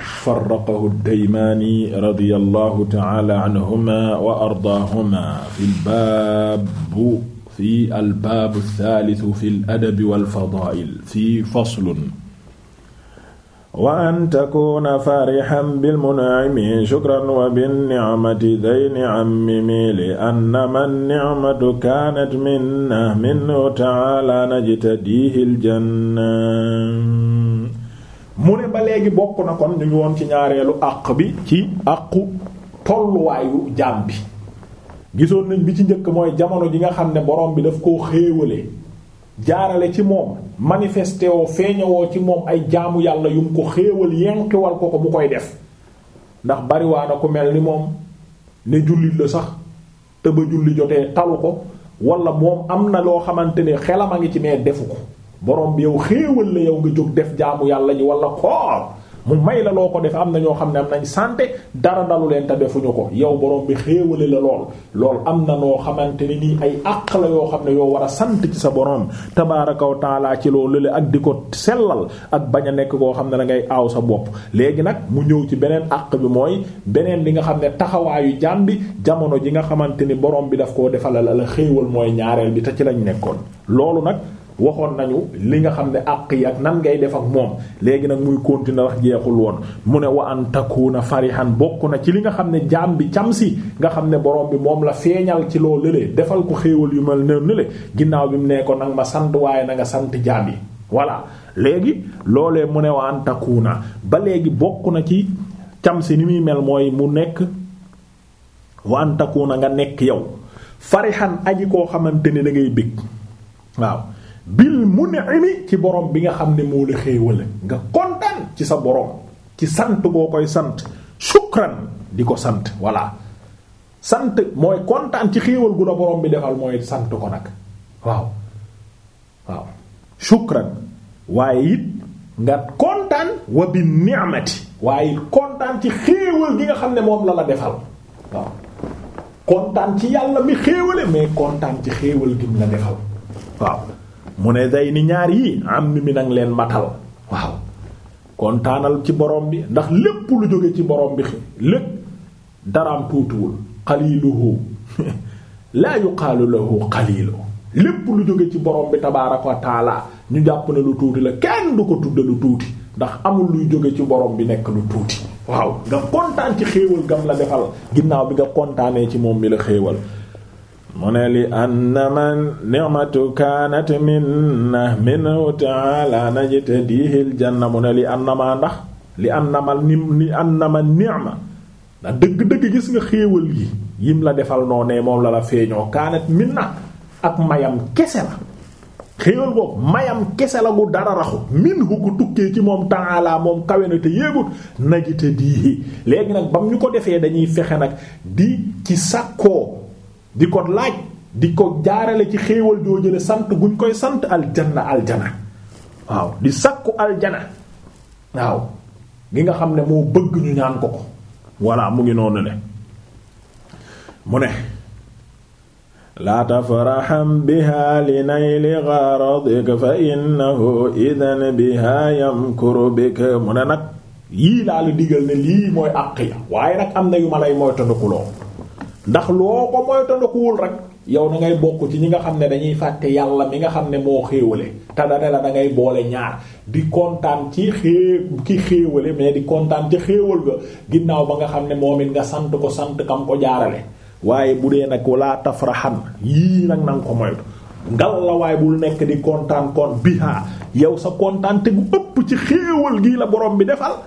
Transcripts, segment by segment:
farraqahu ad-Daymaani radiyallahu ta'ala anhuma wa ardaahuma fi al-baab fi al-baab ath-thaalith fi al-adab wal-fadaa'il fi faslun wa an takuna farihan bilmun'imi shukran wa bin-ni'mati dhi ni'ammi li annama an-ni'matu kanat minna minhu ta'ala najtadihi al-janna mu ne ba léegi bokk na kon ñu ngi woon ci ñaareelu àq bi ci àqu tolluwaayu jaam bi gisoon nañ bi ci njëkk mooy jamono ji nga xam ne borom bi dafa koo xéewale jaarale ci moom manifesté woo feeñawoo ci moom ay jaamu yàlla yu mu ko xéewal yenqiwal ko ko mu koy def ndax bariwaana ko mel ni moom ne jullit la sax te ba julli jotee talu ko walla moom am na loo xamante ne xelam a ngi ci mais defu ko borom bi yow xéewal la yow nga jóg def jaamu yàlla ji wala koor mu may la loo ko def am na ñoo xam ne am nañ santé dara dalu leen te defuñu ko yow borom bi xéewale la lool lool am na noo xamante ni nii ay àq la yoo xam ne yoo war a sant ci sa borom tabaaraka wa taala ci loolu la ak di ko sellal ak bañ a nekk koo xam ne da ngay aaw sa bopp. léegi nag mu ñëw ci beneen àq bi mooy beneen bi nga xam ne taxawaayu jaam bi jamono ji nga xamante ni borom bi daf koo defalal la mooy ñaareel bi te ci lañ nekkoon waxoon nañu li nga xam ne àq yi ak nan ngay def ak moom léegi nag muy continuer wax jeexul woon mu ne wa an takuna farihan bokk na ci li nga xam ne jaam bi cam si nga xam ne borom bi moom la feeñal ci loo lëlee defal ko xéewal yu mel ne le ginnaaw bi mu nee nag ma sant waaye na nga sant jaam yi voilà léegi loolee mu ne wa an ba léegi bokk na ci cam si ni muy mel mooy mu nekk wa an nga nekk yow farihan aji koo xamante ne dangay ngay waaw bil mun'imi ci borom bi nga xam ne moo la xéewale nga kontaan ci sa borom ci sant boo koy sant shukran di ko sant voilà sant mooy kontaan ci xéewal gu la bi defal mooy sant ko nag waaw waaye it nga kontaan wa waaye kontaan ci xéewal gi nga xam ne moom la la defal waaw kontaan ci yàlla mi xéewale mais kontaan ci xéewal gi mu la defal waaw mu ne day ni ñaar yii am ni mi nag leen matal waaw kontaanal ci borom bi ndax lépp lu jóge ci borom bi lépp daraam tuutiwul qaliluhu laa yuqaalu lahu qalilu lépp lu jóge ci borom bi tabaaraka wa ñu jàpp ne lu tuuti la kenn du ko tudde lu tuuti ndax amul luy jóge ci borom bi nekk lu tuuti waaw nga kontaan ci xéewal gam la defal ginnaaw bi nga kontaanee ci moom mi la xéewal mu ne li anna man ni'matu kaanat minna minhu ta'ala najtadihi aljanna mu ne li anna ma ndax li anna ma li anna ma ndax dëgg-dëgg gis nga xéewal gi yim la defal noonee moom la la feeñoo kaanat minna ak mayam kese la xéewal boobu mayam kese la gu dara raxu minhu gu tukkee ci moom ta'ala moom kawe na te yéegut najtadihi léegi nag bam ñu ko defee dañuy fexe nag di ci sàkkoo di ko laaj di ko jaarale ci xéewal joo jële sant guñ koy sant aljanna aljana waaw di sakku aljana waaw gi nga xam ne moo bëgg ñu ñaan ko ko voilà mu ngi noonu ne mu ne laa tafraxam biha li nayli garadik fa innahu idan biha yamkuru bik mu ne nag yii daal la digal ne lii mooy àq ya waaye nag am na yu ma lay mooy ndax loo ko moytandakuwul rek yow da ngay bokk ci ñi nga xam ne dañuy fàtte yàlla mi nga xam ne moo xéewale te la da ngay boole ñaar di kontaan ci xée ki xéewale mais di kontaan ci ginnaaw ba nga xam ne moom it nga sant ko sant kam ko jaarale waaye bu dee nag walaa tafraxan yii nag nanga ko moytu ngal la waaye bul nekk di kontaan bi bihaa yow sa kontaan te ëpp ci xéewal gii la borom bi defal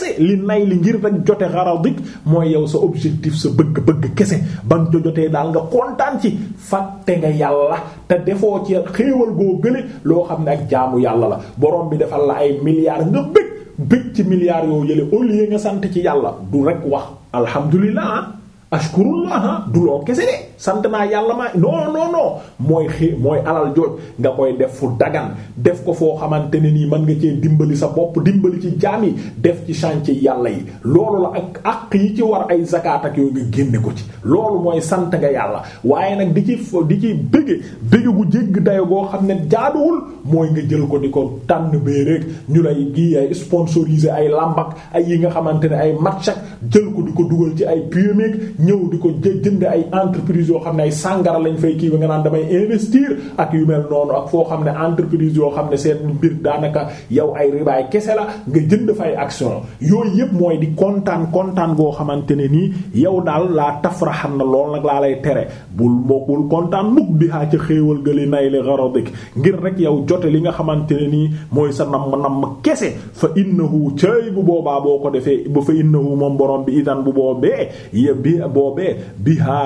kese li nay li ngir rek jote xaradik mooy yow sa objectif sa bëgg-bëgg kese ba nga jotee daal nga kontaan ci fàtte nga yàlla te defoo ci xéewal goo gële loo xam ne ak jaamu yàlla la borom bi defal la ay milliards nga bëgg bëgg ci milliards yoo yële au lieu nga sant ci yàlla du rek wax alhamdulilah ashkurullah du loo kese de sant naa yàlla ma non non mooy xi mooy alal jooj nga koy def fu dagan def ko foo xamante ne nii mën nga cee dimbali sa bopp dimbali ci jaam yi def ci chantier yàlla yi loolu la ak ak yi ci war ay zakat ak yooyu nga génne ko ci loolu mooy sant nga yàlla waaye nag di ci di ci bëgge bëgge gu jégg dayo goo xam ne jaaduwul mooy nga jël ko di ko tànn bee rek ñu lay gi ay sponsoriser ay lambak ay yi nga xamante ne ay match jël ko di ko dugal ci ay pumeeg ñëw di ko jënd ay entreprise yoo xam ne ay sàngara lañ fay kii bi nga naan damay investir ak yu mel noonu ak foo xam ne entreprise yoo xam ne seen mbir daanaka yow ay ribaay kese la nga jënd fay action yooyu yëpp mooy di kontaan kontaan goo xamante ne nii yow daal laa tafraxan na lool nag laa lay tere bul mbokkul kontaan mukk bi xaa ca xéewal gëli nay li garadik ngir rek yow jote li nga xamante ne nii mooy sa nam nam kese fa innahu cëy bu boobaa boo ko defee ba fa innahu moom borom bi idan bu boobee ya bi boobee bi ca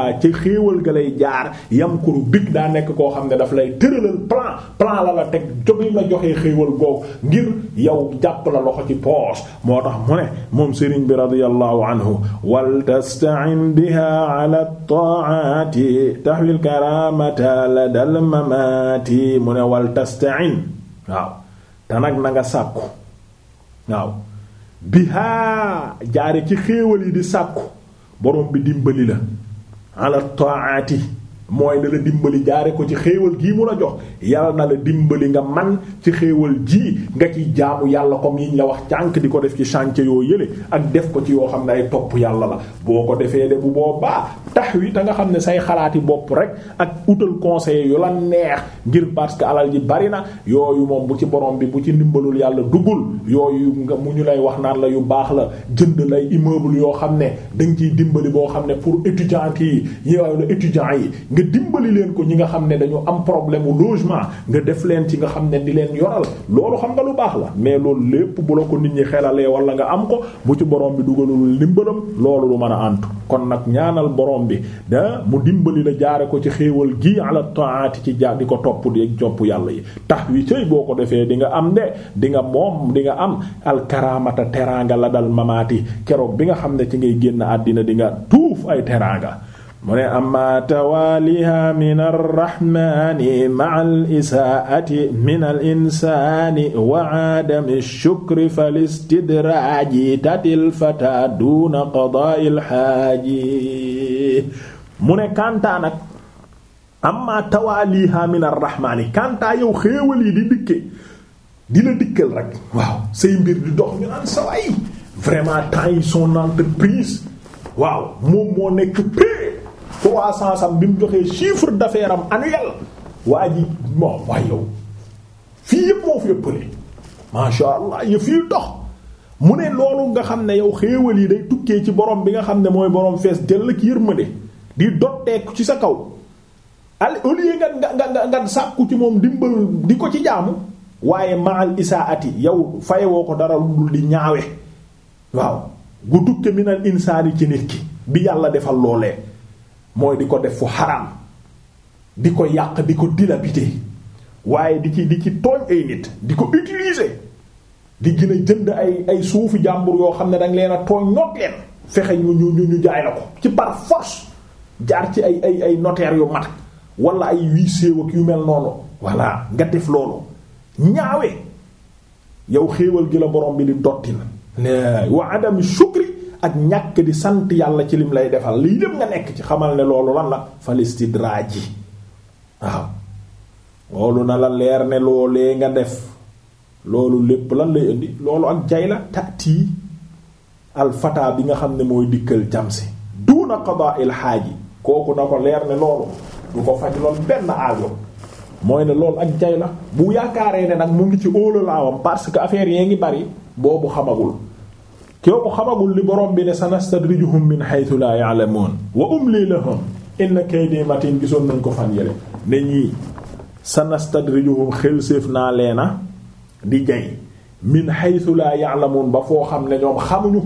xéewal mbugal ga lay jaar yam kuru big daa nekk koo xam ne daf lay tëralal plan plan la la teg jogi la joxee xéewal googu ngir yow jàpp la loxo ci poos moo tax mu ne moom sëriñ bi radiyallahu anhu wal tasta'in biha ala taati tahwil karamata la dal waaw te nag na nga sàkku waaw bihaa jaare ci xéewal yi di sàkku borom bi dimbali la ala taati mooy na la dimbali jaare ko ci xéewal gii mu la jox yàlla na la dimbali nga man ci xéewal ji nga ci jaamu yàlla comme yiñ la wax cànk di ko def ci chance yoo yële ak def ko ci yoo xam ne ay topp yàlla la boo ko defee de bu baax tax wi te nga xam ne say xalaati bopp rek ak utal conseil yu la neex ngir parce que alal ji bari na yooyu moom bu ci borom bi bu ci ndimbalul yàlla duggul yooyu nga mu ñu lay wax naan la yu baax la jënd lay immeuble yoo xam ne danga ciy dimbali boo xam ne pour étudiants yi yow dimbali leen ko ñi nga xam ne dañu am problème u logement nga def leen ci nga xam ne di leen yoral loolu xam nga lu baax la mais loolu lépp bu la ko nit ñi xelalee wala nga am ko bu ci borom bi dugalul dimbalam loolu lu mën a antu kon nag ñaanal borom bi da mu dimbali la jaare ko ci xéewal gi ala taati ci jaar di ko topp di jopp yàlla yi tax wi cëy boo ko defee di nga am ne di nga moom di nga am alkaraamata teraanga la dal mamaati keroog bi nga xam ne ci ngay génn àddina di nga ay teraanga mu ne amma tawaaliha min arrahmani ma'a al-isaa'ati min al-insaani wa aadami shukri falistidraaji tatil fata duuna qadaa'i al-haaji mu ne kantaa nag amma tawaaliha min arrahmani kantaa yow xéewal yi di dikke di la dikkal rek waaw say mbir di dox ñu naan sawaay vraiment temps yi son entreprise waaw moom moo nekk p croissance am bi mu joxee chiffre d'affaires am annuel waa ji bon waaye yow fii yëpp moo fi ëppale masha allah yëf yi dox mu ne loolu nga xam ne yow xéewal yi day tukkee ci borom bi nga xam ne mooy borom fees dell ak yërmande di dotteeku ci sa kaw al au lieu nga nga nga nga sàkku ci moom dimbal di ko ci jaamu waaye maal isaati yow fayewoo ko dara lu dul di ñaawe waaw gu tukke minal insaani ci nit ki bi yàlla defal loolee mooy di ko def fu xaraam di ko yàq di ko dilapider waaye di ci di ci tooñ ay nit di ko utiliser di gën a jënd ay ay suufu jàmbur yoo xam ne danga leen a tooñ noot leen fexe ñu ñu ñu jaay la ko ci par force jaar ci ay ay ay notaire yu mat wala ay huissier ak yu mel noonu voilà nga def loolu ñaawee yow xéewal gi la borom bi di dotti na wa adami shukri ak ñàkk di sant yàlla ci lim lay defal lii lépp nga nekk ci xamal ne loolu lan la falistidraaj yi waaw loolu na la leer ne loolee nga def loolu lépp lan lay indi loolu ak jay la tati alfata bi nga xam ne mooy dikkal jamsi duuna qada'il xaaji kooku na ko leer ne loolu du ko faj lool benn aajo mooy ne loolu ak jay la bu yaakaaree ne nag mu ngi ci óolalaawam parce que affaire yee ngi bari boobu xamagul kéw ko xamagul li borom bi ne sanastadrijuhum min haythu la ya'lamun wa umli lahum inna kaydi matin gisoon nañ ko fan yële ne ñii xel xelséef naa leena di jay min haythu la ya'lamun ba foo xam ne ñoom xamuñu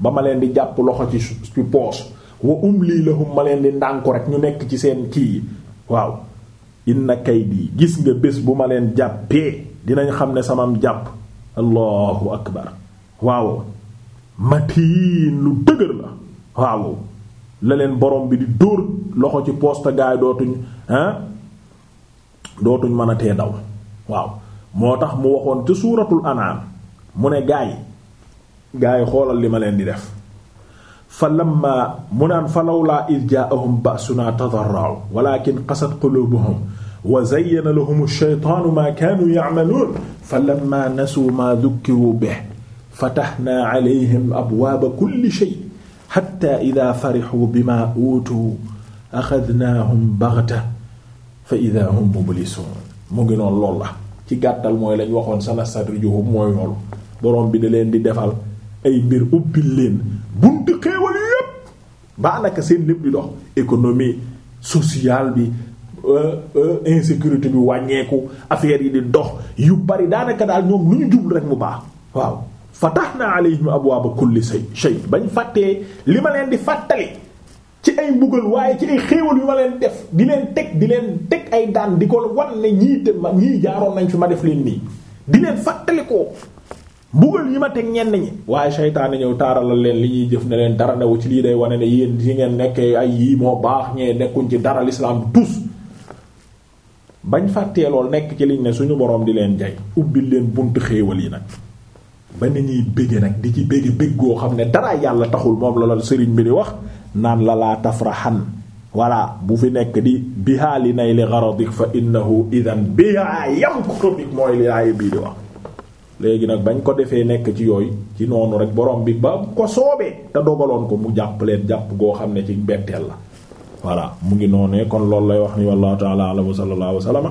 ba ma leen di jàpp loxo ci ci poos wa umli lahum ma leen di ndànku rek ñu nekk ci seen ci yi waaw inna kaydi gis nga bés bu ma leen jàppee dinañ xam ne samam jàpp allahu akbar waaw matiin lu dëgër la waaw la borom bi di dóor loxo ci poste gaay dootuñ hein dootuñ mën a tee daw waaw moo tax mu waxoon ca suuratul an'am mu ne gaay gaay xoolal li ma leen di def fa lamma mu naan fa lawlaa iz jaa'ahum ba'sunaa tadarra'u walaakin qasat quluubuhum wa zayyana lahum ash-shaytaanu maa kaanuu ya'maluun fa lamma nasuu maa dhukkiruu bihi fatahnaa alayhim abwaaba kulli shay xatta ida farixuu bima uutuu axadnaahum baxta fa ida hum mublisuun mu ngi lool la ci gàttal mooy lañ waxoon sanastadrijuhum mooy loolu borom bi da leen di defal ay mbir ubbil leen bunti xéewal yépp baa naka seen lépp di dox économie sociale bi euh, euh, insécurité bi wàññeeku affaire yi di dox yu bari daanaka daal ñoom lu ñu jublu rek mu baax waaw fatahna alayhim abwaaba kulli shay bañ fàttee li ma leen di fàttali ci ay mbugal waaye ci ay xéewal yu ma leen def di leen teg di leen teg ay daan di ko wan ne ñii te ma ñii jaaroon nañ fi ma def leen nii di leen fàttali ko mbugal yi ma teg ñenn ñi waaye seytaane ñëw taaralal leen li ñuy jëf ne leen dara newu ci lii day wane ne yéen yi ngeen nekkee ay yii moo baax ñee nekkuñ ci dara l'islam tous bañ fàttee lool nekk ci liñ ne suñu borom di leen jay ubbil leen buntu xéewal yi nag ba ni ñuy bëgge nag di ci bëgge bëgg goo xam ne dara yàlla taxul moom la la sëriñ bi di wax naan la laa tafraxan voilà bu fi nekk di bihaa li nay li garadik fa innahu idan bihaa yamkuru bik mooy li bii di wax léegi nag bañ ko defee nekk ci yooyu ci noonu rek borom bi ba ko soobee te dogaloon ko mu jàpp leen jàpp goo xam ne ci betteel la voilà mu ngi noonee kon loolu lay wax ni wallahu ta'ala wa sallallahu wa sallama